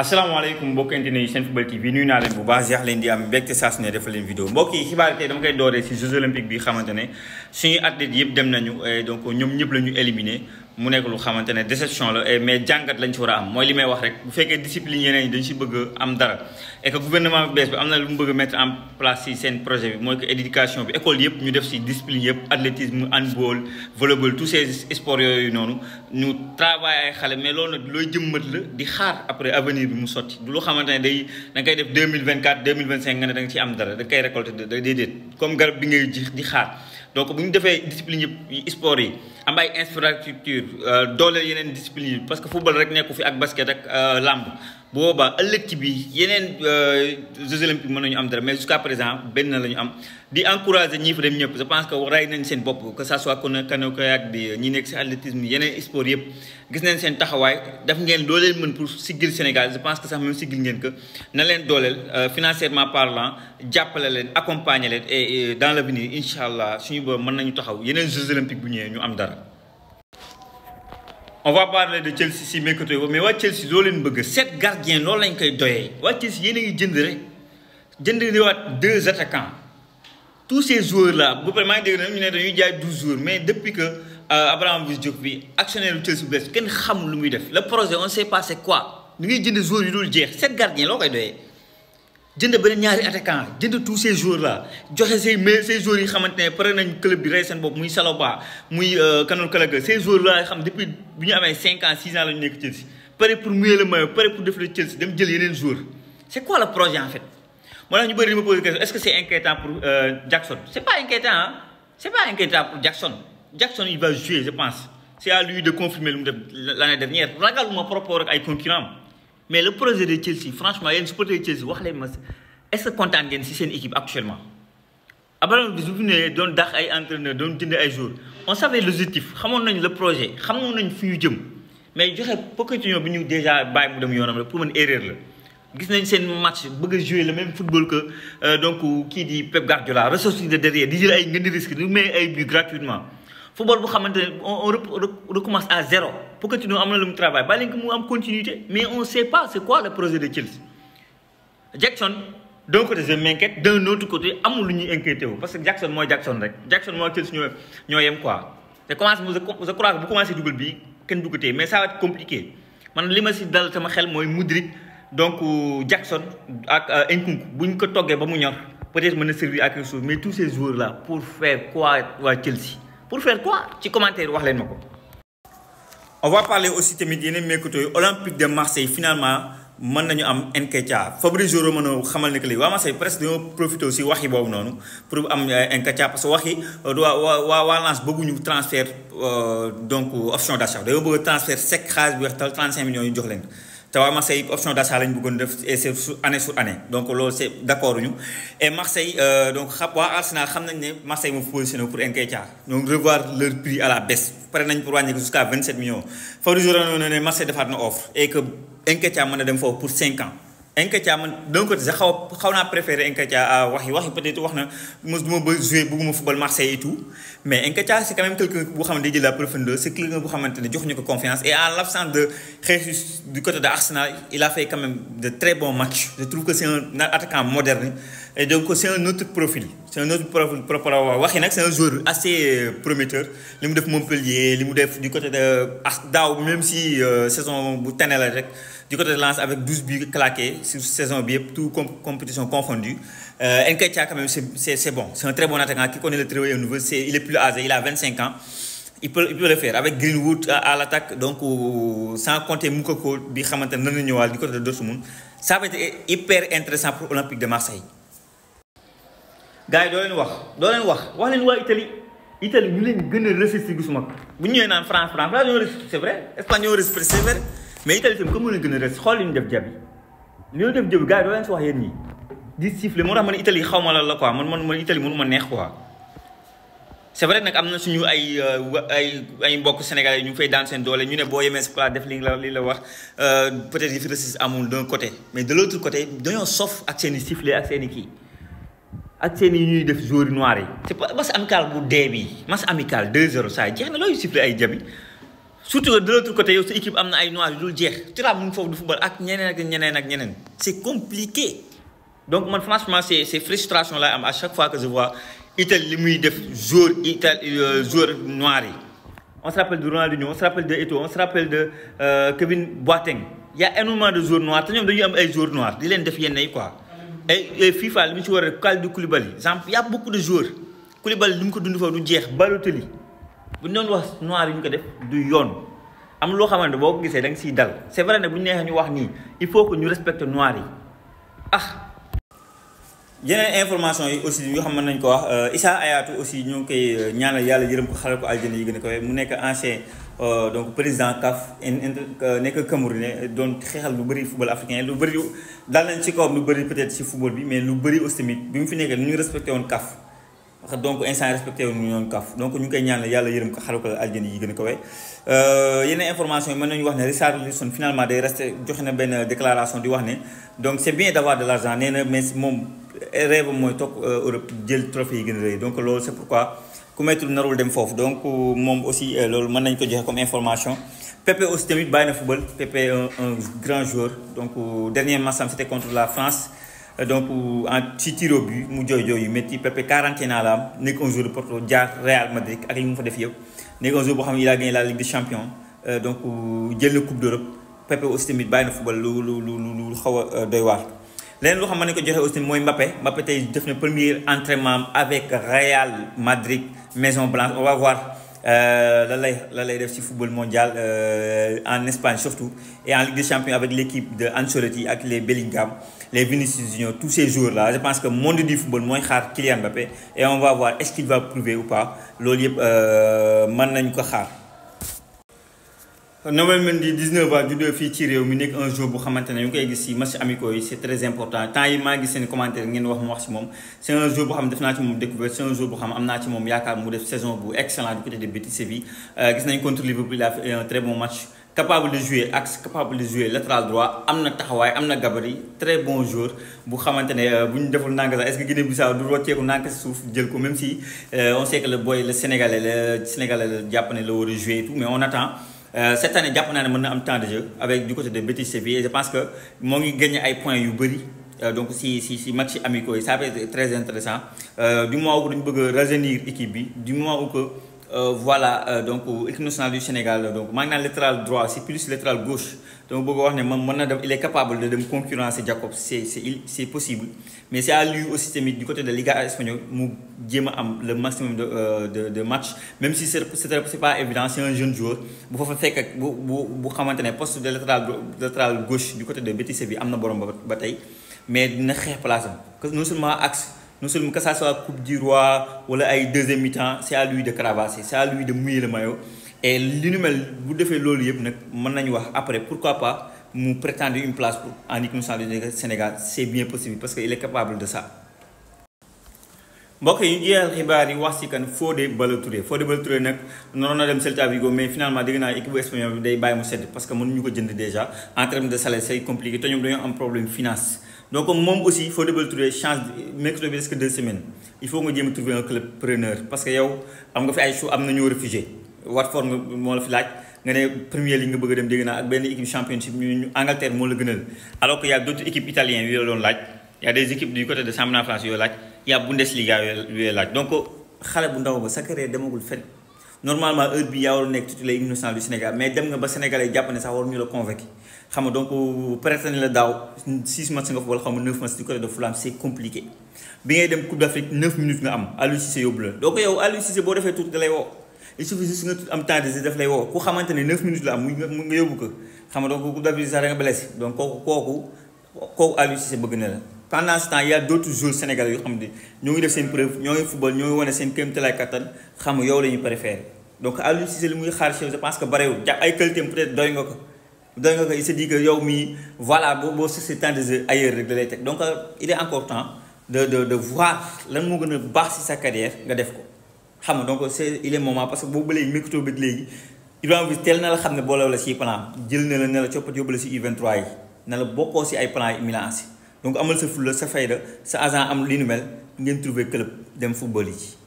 asalaamaaleykum mbokk internet yi seen football TV nuyu naa leen bu baax jeex am mbégte saa su ne vidéo mbokk yi xibaar tey dama koy si Jeux olympiques bi xamante ne suñuy athlètes yëpp dem nañu eh, donc ñoom ñëpp la ñu éliminé mu nekk lu xamantene déception la et eh, mais jàngat lañ ci war a am mooy li may wax rek bu fekkee discipline yeneen yi dañ si bëgg am dara et que gouvernement bi bees bi am na lu mu bëgg a mettre en place si seen projet bi mooy que éducation bi école yëpp ñu def si discipline yëpp athlétisme handball volleyball tous ces sports yooyu noonu ñu travailler ay xale mais loolu nag looy jëmmat la di xaar après avenir bi mu sotti du lu xamantene day da nga def 2024 2025 nga ne da nga ci am dara da nga koy récolter déedéet comme garab bi ngay ji di xaar donc bu ñu defee discipline yi sport yi am ay infrastructure euh, dooleel yeneen discipline yi parce que football rek nekku fi ak basket ak euh, làmb boobaa ëllëg y bi yeneen euh, Jeux olympiques mën nañu am dara mais jusqu'à présent ben, la ñu am di encourager ñi fa dem ñëpp je pense que ray nañ seen bopp que ça soit canoë kayak bi ñi nekk si athlétisme yeneen sport yëpp gis nañ seen taxawaay def ngeen dooleel mën pour sigil Sénégal je pense que ça même sigil ngeen que na leen dooleel euh, financièrement parlant jàppale leen accompagner leen et dans l'avenir incha allah suñu ba mën nañu taxaw yeneen Jeux olympiques bu ñëwee ñu am dara on va parler de Chelsea si mais wa Chelsea do len beug sept gardien loolu lañ koy doyee wa Chelsea yéen a ngi jënd rek jënd wat deux attaquants tous ces joueurs là bu pare maa ngi dégg na ñu né dañuy jaay 12 jours mais depuis que euh, Abraham jóg bi actionnaire Chelsea bu ken xam lu muy def le projet on sait pas c'est quoi ni ngay jënd joueurs yu dul jeex sept gardien lo koy doyee jënd beneen ñaari attaquant jënd tous ces jours là joxe say mais ces jours yi xamante ne pare nañ club bi rey seen bopp muy Saloba muy euh, Kalaga ces jours là xam depuis bu ñu amee 5 ans 6 ans la ñu nekk Chelsea pare pour mouiller le maillot pare pour def le Chelsea dem jël yeneen jours c' est quoi le projet en fait. moo tax ñu bëri ma poser question est ce que c'est inquiétant pour euh, Jackson c' est pas inquiétant ah hein? c' pas inquiétant pour Jackson Jackson il va jouer je pense C'est à lui de confirmer l'année mu def l' année dernière ragaluma par rek ay concurrents mais le projet de Chelsea franchement a supporter de Chelsea wax leen est-ce que kontaan ngeen si seen équipe actuellement. Abraham bi su fi ay entraîneur doon jënd ay on savait l'objectif xamoon le projet xamoon nañ fu ñu jëm mais joxe Pochettino bi déjà bàyyi mu dem yoonam pour man erreur la. gis nañ seen match bëgg jouer le même football que euh, donc qui dit Pep Guardiola ressortir de derrière di jël ay ngëndi risque di may ay but gratuitement football bu on recommence à zéro pour tu à lu le travail bàyyi leen mu am continuité mais on sait pas c'est quoi le projet de Chelsea Jackson d'un côté je m'inquiète d'un autre côté amul lu ñuy inquiété parce que Jackson moy Jackson rek Jackson moy Chelsea ñoy ñoy quoi te commence je crois bu commencé dugal bi ken duggatee mais ça va être compliqué man lima ci dal sama xel moy Mudrik donc euh, Jackson ak euh, Nkunku buñ ko toggé ba mu ñor peut-être mën servir à quelque chose mais tous ces joueurs là pour faire quoi à Chelsea pour faire quoi Tu commentaire wax on va parler aussi de yeneen mercato olympique de Marseille finalement mën nañu am Nketiah Fabrizio Romano xamal ne que Marseille presque dañoo profité aussi waxi boobu noonu pour am euh, parce que waxi on lance beaucoup de transferts transfert euh, donc option d'achat dañoo transfert sec 35 millions de dollars. C'est une Marseille option d'achat lañ bëggoon et c'est année sur année donc c'est d'accord ñu et Marseille euh, donc xam waa Arsenal xam nañ ne Marseille moo positionné pour donc revoir leur prix à la baisse pare nañ pour wàññi jusqu'à 27 millions Il faut que Marseille defaat une offre et que Nketiah mën dem pour 5 ans en man d'un côté je xaw à Wahi Wahi peut-être wax na mos jouer ma football Marseille et tout mais Nketiah c'est quand même quelqu'un qui a fait la profondeur c'est quelqu'un qui a ne confiance et en l'absence de Jesus du côté de Arsenal il a fait quand même de très bons matchs je trouve que c'est un attaquant moderne et donc c'est un autre profil c'est un autre profil propre à Wahi c'est un joueur assez euh, prometteur Il def Montpellier il est def du côté de Arsenal même si euh, saison bu tane rek du côté de Lens avec 12 buts claqués sur saison biais, toutes tout compétition confondue euh, Nketiah quand même c'est bon c'est un très bon attaquant qui connaît le très haut niveau il est plus âgé il a 25 ans il peut il peut le faire avec Greenwood à, l'attaque donc euh, sans compter Moukoko bi xamante du côté de Dortmund ça va être hyper intéressant pour l'Olympique de Marseille. gars yi doo leen wax doo leen wax wax leen waa Italie Italie ñu leen gën a résister bu ñu ñëwee France France c'est vrai espagnol ñoo c'est vrai. mais Italie tamit comme mën a gën a res xool li ñu def jabi li ñu def jabi gars yi doo leen si wax yéen ñi di siffler moo tax man Italie xaw ma la la quoi man man man Italie mënu ma neex quoi. c'est vrai nag am na suñu ay euh, ay ay mbokk Sénégal yi ñu fay daan seen doole ñu ne boo yemee si place def li la la wax euh, amul d'un côté mais de l'autre côté dañoo sof ak seen i sifflet ak seen i kii ak def joueurs noirs yi. c'est pas match amical bu dee bi match amical 2 jeex na looy siffler ay jabi. surtout de l'autre côté yow équipe amna ay noirs yu dul jeex Thuram mu du football ak ñeneen ak ñeneen ak ñeneen c'est compliqué donc man franchement c'est c'est frustration là, am à chaque fois que je vois Italie li muy def joueur Italie euh, joueur noirs on se rappelle de Ronaldinho on se rappelle de Eto'o on se rappelle de euh, Kevin Boateng Il y a énormément de joueurs noirs te ñoom dañuy am ay joueurs noirs di leen def yenn quoi et FIFA li mu ci war a exemple il y a beaucoup de joueurs Koulibaly li ko dund fofu du jeex Balotelli bu ñu doon wax noir yi ñu ko def du yoon am loo xamante boo ko gisee da nga dal c'est bu ñu neexee ñu wax nii il faut que ñu respecte noir yi ah. yeneen information yi aussi yoo xam ne nañ ko wax euh, Issa Hayatou aussi ñu ngi koy euh, ñaanal yàlla yërëm ko xaral ko aljana yi gën a ko mu nekk ancien euh, donc président CAF nekk Camerounais doon xeexal lu bëri football africain lu bëri daal nañ ci kawam lu bëri peut-être ci football bi mais lu bëri aussi tamit bi mu fi nekkee nu ñu woon CAF donc instant respecté wu ñooñu kaf donc ñu ngi koy ñaanal yàlla yërëm ko xaral ko aljana yi gën a ko way euh, yeneen information yi mën nañu wax ne Richard Wilson finalement day resté joxe na benn déclaration di wax ne donc c' est bien d' avoir de l' argent nee na mais moom rêve mooy toog euh, Europe jël trophée yi gën a rëy donc loolu c' est pourquoi ku mettul narul dem foofu donc moom aussi euh, loolu mën nañu ko joxe comme information Pepe aussi tamit bàyyi na football Pepe un grand joueur donc dernier match am c' était contre la France euh, donc en ci tir au mu jooy joy yu métti Pepe 40 ans là, nek nekk un jour de Porto Real Madrid ak li fa def yëpp nek un jour xam il a gagné la Ligue des champions euh, donc jël le coupe d'Europe Pepe aussi tamit bàyyi football lu lu lu lu xawa euh, doy waar. len loo xam mané ko joxe aussi moy Mbappé Mbappé tay def na premier entraînement avec Real Madrid Maison Blanche on va voir. la lay la lay def ci football mondial en Espagne surtout et en Ligue des champions avec l'équipe de Ancelotti ak les Bellingham les Vinicius Junior, tous ces jours là Je pense que le monde du football, moi, je Kylian Mbappé. Et on va voir est-ce qu'il va prouver ou pas. L'Oliep, euh, Noël Mendy 19 ans juddoo fii ci réew mi un jour bu xamante ne ñu koy gis match amicaux c'est très important Tant yi ma ngi seen commentaire ngeen wax C'est wax un jour pour xam def naa ci découverte c'est un jour pour xam am naa ci moom saison bu excellent du côté de Betis Séville euh, gis nañ contre Liverpool il a un très bon match capable de jouer axe capable de jouer latéral droit Amna taxaway, Amna GABARI, très bon joueur bu xamantene vous euh, deful nànk est-ce que Guinée Bissau du rocceeku nànk si ko même si euh, on sait que le boy le sénégalais le sénégalais le japonais, le et tout mais on attend euh, cette année le na a am temps de jeu avec du côté de Betis Séville et je pense que mo ngi gagner ay points yu donc si si si match amicaux ça va être très intéressant du moment où dañu bëgg rajeunir équipe bi du moment où que euh, voilà euh, donc équipe nationale du Sénégal donc maintenant droit c'est plus latéral gauche donc il est capable de me concurrencer Jacob c'est possible mais c'est à lui aussi système du côté de Liga espagnole le maximum de euh, de même si c'est c'est pas évident c'est un jeune joueur Il fa faire que bu vous bu poste de latéral gauche du côté de Betis bi amna borom ba mais pas de place que non seulement axe non seulement que ça soit Coupe du Roi ou la deuxième mi-temps c'est à lui de cravasser c'est à lui de mouiller le maillot et li nu mel bu defee maintenant après pourquoi pas nous prétendre une place pour en équipe du Sénégal c'est bien possible parce qu'il est capable de ça. il yi a jeexal xibaar yi wax ci kan Fodé ballo Fodé de Balotouré, nag na dem Celta Vigo mais finalement dégg naa équipe espagnole bi day bàyyi mu sedd parce que nous ko jënd déjà en termes de salaire c'est compliqué te y un am problème financier donc moi aussi trouver change que deux semaines il faut que je me trouver un club preneur parce que yow am nga fi ay Watford la fi tu première ligue nga bëgg équipe championship Angleterre la alors que y' a d'autres équipes italiennes qui la doon Il y' a des équipes du côté de un France Il y' a Bundesliga donc je bu ndaw ba normalement heure bi yaa war nekk titulaire hymne du Sénégal mais dem nga ba sénégalais jàpp ne sax war ñu la convoqué xam nga donc peut ne la daaw 6 matchs nga football xam nga neuf matchs du côté de Fulham c'est compliqué bi ngay dem Coupe d'Afrique 9 minutes nga am Aliou Cissé yóbbu la donc yow Aliou Cissé boo defee tuuti da lay woo il suffit juste nga am temps de jeu daf lay woo ku xamante ne neuf minutes la am mu nga yóbbu ko xam nga donc Coupe d'Afrique sax da nga blessé donc kooku kooku kooku Aliou Cissé bëgg na la pendant ce temps y a d'autres joueurs sénégalais qui ont nous def seen nous football nous ngi seen nous katan xam donc Aliou Cissé je pense que ay peut-être doy nga ko doy il se dit que yow mii voilà c'est temps de ailleurs donc euh, il est important de de de voir lan que gën sa carrière donc il est moment parce que ba ne la plan jël na la ne la U23 na la ay plan donc amal sa fulla sa fayda sa agent am li nu mel ngeen trouver club dem football yi